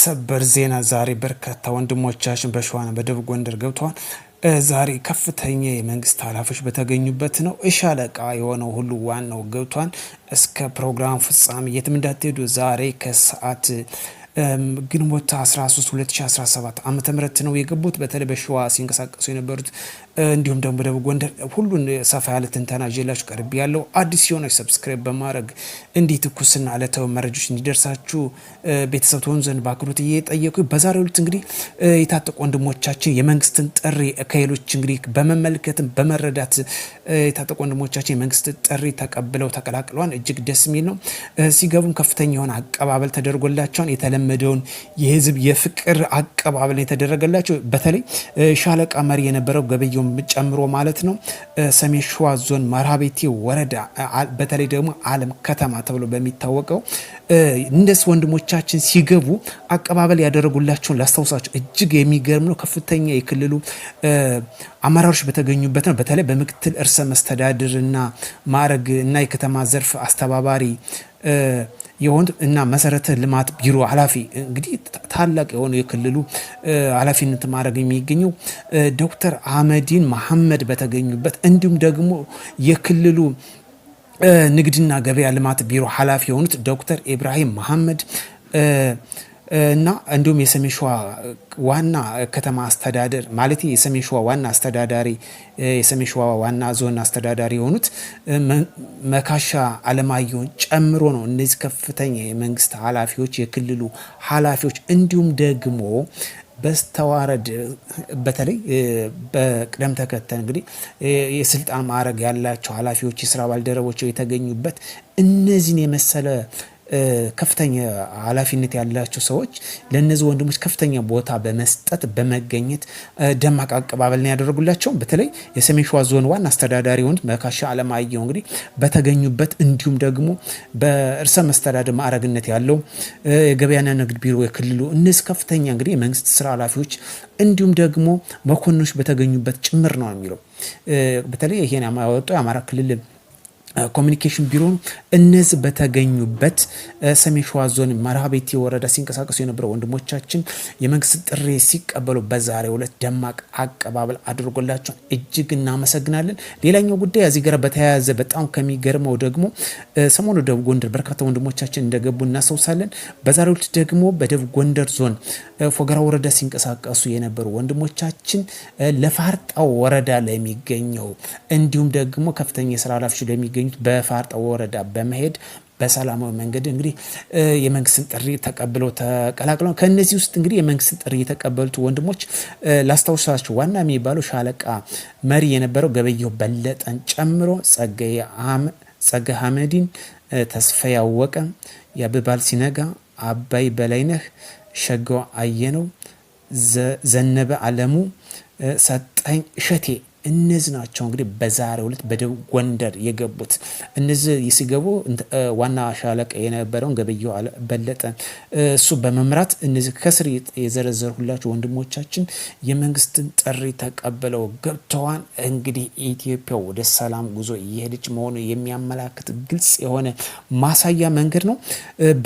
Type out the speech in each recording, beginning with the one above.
ሰበር ዜና ዛሬ በርካታ ወንድሞቻችን በሸዋና በደቡብ ጎንደር ገብተዋል። ዛሬ ከፍተኛ የመንግስት ኃላፊዎች በተገኙበት ነው። እሻለቃ የሆነው ሁሉ ዋናው ገብቷል። እስከ ፕሮግራም ፍጻሜ የትም እንዳትሄዱ ዛሬ ከሰዓት ግንቦት 13 2017 ዓ ም ነው የገቡት። በተለይ በሸዋ ሲንቀሳቀሱ የነበሩት እንዲሁም ደግሞ በደቡብ ጎንደር ሁሉን ሰፋ ያለ ትንተና ይዤላችሁ ቀርብ ያለው አዲስ የሆነች ሰብስክራይብ በማድረግ እንዲህ ትኩስና ዕለታዊ መረጃዎች እንዲደርሳችሁ ቤተሰብ ትሆኑ ዘንድ በአክብሮት እየጠየቁ በዛሬው ዕለት እንግዲህ የታጠቁ ወንድሞቻችን የመንግስትን ጥሪ ከሌሎች እንግዲህ በመመልከትም በመረዳት የታጠቁ ወንድሞቻችን የመንግስት ጥሪ ተቀብለው ተቀላቅለዋል። እጅግ ደስ የሚል ነው። ሲገቡም ከፍተኛ የሆነ አቀባበል ተደርጎላቸዋል። የተለ የተለመደውን የህዝብ የፍቅር አቀባበል የተደረገላቸው በተለይ ሻለቃ መሪ የነበረው ገበየውን ጨምሮ ማለት ነው። ሰሜን ሸዋ ዞን መርሃቤቴ ወረዳ በተለይ ደግሞ አለም ከተማ ተብሎ በሚታወቀው እንደስ ወንድሞቻችን ሲገቡ አቀባበል ያደረጉላቸውን ላስታውሳቸው እጅግ የሚገርም ነው። ከፍተኛ የክልሉ አመራሮች በተገኙበት ነው። በተለይ በምክትል እርሰ መስተዳድርና ማዕረግ እና የከተማ ዘርፍ አስተባባሪ የወንድ እና መሰረተ ልማት ቢሮ ኃላፊ እንግዲህ ታላቅ የሆነ የክልሉ ኃላፊነት ማድረግ የሚገኘው ዶክተር አህመዲን መሐመድ በተገኙበት እንዲሁም ደግሞ የክልሉ ንግድና ገበያ ልማት ቢሮ ኃላፊ የሆኑት ዶክተር ኢብራሂም መሐመድ እና እንዲሁም የሰሜን ሸዋ ዋና ከተማ አስተዳደር ማለት የሰሜን ሸዋ ዋና አስተዳዳሪ የሰሜን ሸዋ ዋና ዞን አስተዳዳሪ የሆኑት መካሻ አለማየሁን ጨምሮ ነው። እነዚህ ከፍተኛ የመንግስት ኃላፊዎች፣ የክልሉ ኃላፊዎች እንዲሁም ደግሞ በስተዋረድ በተለይ በቅደም ተከተል እንግዲህ የስልጣን ማዕረግ ያላቸው ኃላፊዎች፣ የስራ ባልደረቦች የተገኙበት እነዚህን የመሰለ ከፍተኛ ኃላፊነት ያላቸው ሰዎች ለእነዚህ ወንድሞች ከፍተኛ ቦታ በመስጠት በመገኘት ደማቅ አቀባበል ነው ያደረጉላቸው። በተለይ የሰሜን ሸዋ ዞን ዋና አስተዳዳሪ የሆኑት መካሻ አለማየሁ እንግዲህ በተገኙበት እንዲሁም ደግሞ በእርሰ መስተዳድር ማዕረግነት ያለው የገበያና ንግድ ቢሮ የክልሉ እነዚህ ከፍተኛ እንግዲህ የመንግስት ስራ ኃላፊዎች እንዲሁም ደግሞ መኮንኖች በተገኙበት ጭምር ነው የሚለው በተለይ ይሄን ያወጣው የአማራ ክልል ኮሚኒኬሽን ቢሮን እነዚህ በተገኙበት ሰሜን ሸዋ ዞን መርሃቤቴ ወረዳ ሲንቀሳቀሱ የነበረ ወንድሞቻችን የመንግስት ጥሪ ሲቀበሉ በዛሬው ዕለት ደማቅ አቀባበል አድርጎላቸው እጅግ እናመሰግናለን። ሌላኛው ጉዳይ እዚህ ጋር በተያያዘ በጣም ከሚገርመው ደግሞ ሰሞኑ ደቡብ ጎንደር በርካታ ወንድሞቻችን እንደገቡ እናስታውሳለን። በዛሬው ዕለት ደግሞ በደቡብ ጎንደር ዞን ፎገራ ወረዳ ሲንቀሳቀሱ የነበሩ ወንድሞቻችን ለፋርጣው ወረዳ ለሚገኘው እንዲሁም ደግሞ ከፍተኛ የስራ ኃላፊ ለሚገኘው እንግዲህ በፋርጣ ወረዳ በመሄድ በሰላማዊ መንገድ እንግዲህ የመንግስትን ጥሪ ተቀብለው ተቀላቅለው ከእነዚህ ውስጥ እንግዲህ የመንግስትን ጥሪ የተቀበሉት ወንድሞች ላስታውሳቸው፣ ዋና የሚባለው ሻለቃ መሪ የነበረው ገበየሁ በለጠን ጨምሮ ጸገ ሀመዲን፣ ተስፋ ያወቀ፣ የአብባል ሲነጋ፣ አባይ በላይነህ፣ ሸጋው አየነው፣ ዘነበ አለሙ፣ ሰጠኝ እሸቴ እነዚህ ናቸው እንግዲህ በዛሬው ዕለት በደቡብ ጎንደር የገቡት። እነዚህ ሲገቡ ዋና ሻለቃ የነበረውን ገበየሁ በለጠ እሱ በመምራት እነዚህ ከስር የዘረዘርሁላቸው ወንድሞቻችን የመንግስትን ጥሪ ተቀብለው ገብተዋን እንግዲህ ኢትዮጵያ ወደ ሰላም ጉዞ እየሄደች መሆኑ የሚያመላክት ግልጽ የሆነ ማሳያ መንገድ ነው።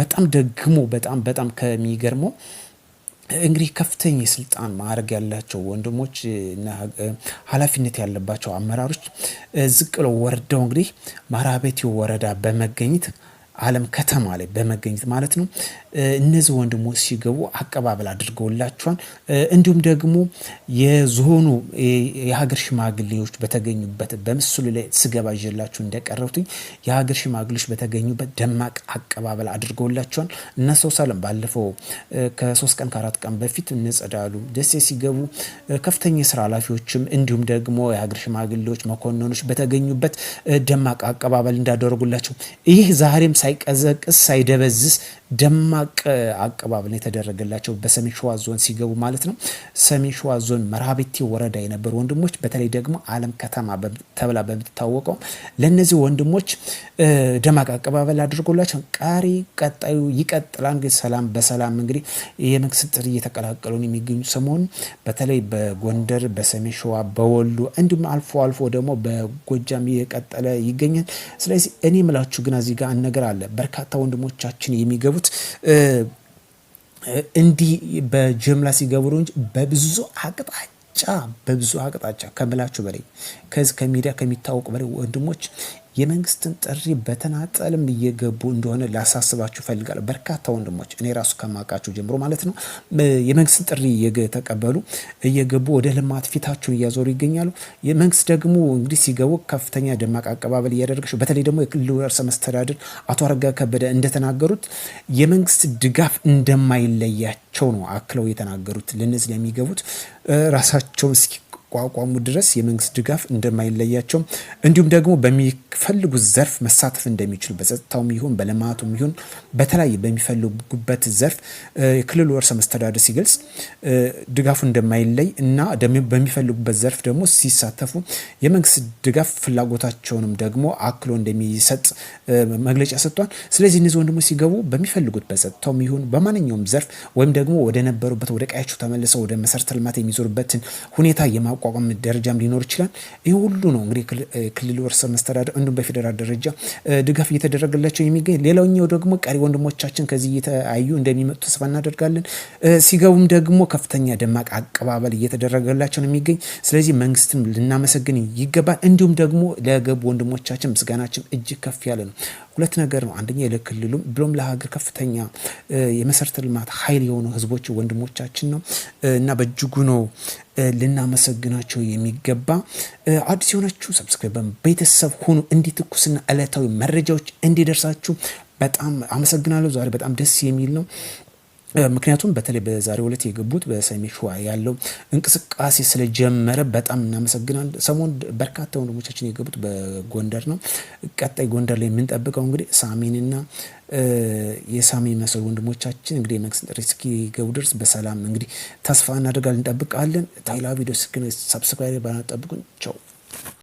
በጣም ደግሞ በጣም በጣም ከሚገርመው እንግዲህ ከፍተኛ የስልጣን ማዕረግ ያላቸው ወንድሞች እና ኃላፊነት ያለባቸው አመራሮች ዝቅለው ወርደው እንግዲህ ማራቤቴ ወረዳ በመገኘት ዓለም ከተማ ላይ በመገኘት ማለት ነው እነዚህ ወንድሞች ሲገቡ አቀባበል አድርገውላቸዋል። እንዲሁም ደግሞ የዞኑ የሀገር ሽማግሌዎች በተገኙበት በምስሉ ላይ ስገባ ይዤላችሁ እንደቀረብኩኝ የሀገር ሽማግሌዎች በተገኙበት ደማቅ አቀባበል አድርገውላቸዋል። እነ ሰው ሰለም ባለፈው ከሶስት ቀን ከአራት ቀን በፊት እነ ደሴ ሲገቡ ከፍተኛ የስራ ኃላፊዎችም እንዲሁም ደግሞ የሀገር ሽማግሌዎች፣ መኮንኖች በተገኙበት ደማቅ አቀባበል እንዳደረጉላቸው ይህ ዛሬም ሳይቀዘቅዝ ሳይደበዝስ ደማቅ አቀባበል የተደረገላቸው በሰሜን ሸዋ ዞን ሲገቡ ማለት ነው። ሰሜን ሸዋ ዞን መርሃቤቴ ወረዳ የነበሩ ወንድሞች በተለይ ደግሞ አለም ከተማ ተብላ በምትታወቀው ለእነዚህ ወንድሞች ደማቅ አቀባበል አድርጎላቸው ቀሪ ቀጣዩ ይቀጥላል። እንግዲህ ሰላም በሰላም እንግዲህ የመንግስት ጥሪ እየተቀላቀሉን የሚገኙ ሰሞኑን በተለይ በጎንደር በሰሜን ሸዋ በወሎ እንዲሁም አልፎ አልፎ ደግሞ በጎጃም እየቀጠለ ይገኛል። ስለዚህ እኔ ምላችሁ ግን እዚህ ጋር ነገር አለ በርካታ ወንድሞቻችን የሚገቡ የሚገቡት እንዲህ በጅምላ ሲገቡ ነው እንጂ በብዙ አቅጣጫ በብዙ አቅጣጫ ከምላችሁ በላይ ከዚህ ከሚዲያ ከሚታወቁ በላይ ወንድሞች የመንግስትን ጥሪ በተናጠልም እየገቡ እንደሆነ ላሳስባችሁ ፈልጋለሁ። በርካታ ወንድሞች እኔ ራሱ ከማውቃቸው ጀምሮ ማለት ነው የመንግስትን ጥሪ እየተቀበሉ እየገቡ ወደ ልማት ፊታቸውን እያዞሩ ይገኛሉ። የመንግስት ደግሞ እንግዲህ ሲገቡ ከፍተኛ ደማቅ አቀባበል እያደረገች፣ በተለይ ደግሞ የክልሉ ርዕሰ መስተዳድር አቶ አረጋ ከበደ እንደተናገሩት የመንግስት ድጋፍ እንደማይለያቸው ነው አክለው የተናገሩት። ለነዚህ ለሚገቡት ራሳቸውን እስኪ እስኪቋቋሙ ድረስ የመንግስት ድጋፍ እንደማይለያቸው እንዲሁም ደግሞ በሚፈልጉት ዘርፍ መሳተፍ እንደሚችሉ በጸጥታውም ይሁን በልማቱም ይሁን በተለያየ በሚፈልጉበት ዘርፍ የክልሉ ርዕሰ መስተዳደር ሲገልጽ ድጋፉ እንደማይለይ እና በሚፈልጉበት ዘርፍ ደግሞ ሲሳተፉ የመንግስት ድጋፍ ፍላጎታቸውንም ደግሞ አክሎ እንደሚሰጥ መግለጫ ሰጥቷል። ስለዚህ እነዚህ ወንድሞች ሲገቡ በሚፈልጉት በጸጥታውም ይሁን በማንኛውም ዘርፍ ወይም ደግሞ ወደ ነበሩበት ወደ ቀያቸው ተመልሰው ወደ መሰረተ ልማት የሚዞሩበትን ሁኔታ የማ በማቋቋም ደረጃም ሊኖር ይችላል። ይህ ሁሉ ነው እንግዲህ ክልሉ እርስ መስተዳደር እንዲሁም በፌዴራል ደረጃ ድጋፍ እየተደረገላቸው የሚገኝ። ሌላኛው ደግሞ ቀሪ ወንድሞቻችን ከዚህ እየተያዩ እንደሚመጡ ተስፋ እናደርጋለን። ሲገቡም ደግሞ ከፍተኛ ደማቅ አቀባበል እየተደረገላቸው ነው የሚገኝ። ስለዚህ መንግስትም ልናመሰግን ይገባል። እንዲሁም ደግሞ ለገቡ ወንድሞቻችን ምስጋናችን እጅግ ከፍ ያለ ነው። ሁለት ነገር ነው። አንደኛ ለክልሉም ብሎም ለሀገር ከፍተኛ የመሰረተ ልማት ኃይል የሆኑ ህዝቦች ወንድሞቻችን ነው እና በእጅጉ ነው ልናመሰግናቸው የሚገባ። አዲስ የሆናችሁ ሰብስክራይብ ቤተሰብ ሆኑ እንዲህ ትኩስና ዕለታዊ መረጃዎች እንዲደርሳችሁ በጣም አመሰግናለሁ። ዛሬ በጣም ደስ የሚል ነው። ምክንያቱም በተለይ በዛሬው ዕለት የገቡት በሰሜን ሸዋ ያለው እንቅስቃሴ ስለጀመረ በጣም እናመሰግናል። ሰሞን በርካታ ወንድሞቻችን የገቡት በጎንደር ነው። ቀጣይ ጎንደር ላይ የምንጠብቀው እንግዲህ ሳሚንና የሳሚ መሰል ወንድሞቻችን እንግዲህ የመንግስት ጥሪ እስኪገቡ ድረስ በሰላም እንግዲህ ተስፋ እናደርጋለን፣ እንጠብቃለን። ታይላ ቪዲዮ ስክን ሰብስክራይብ ባናጠብቁን ቸው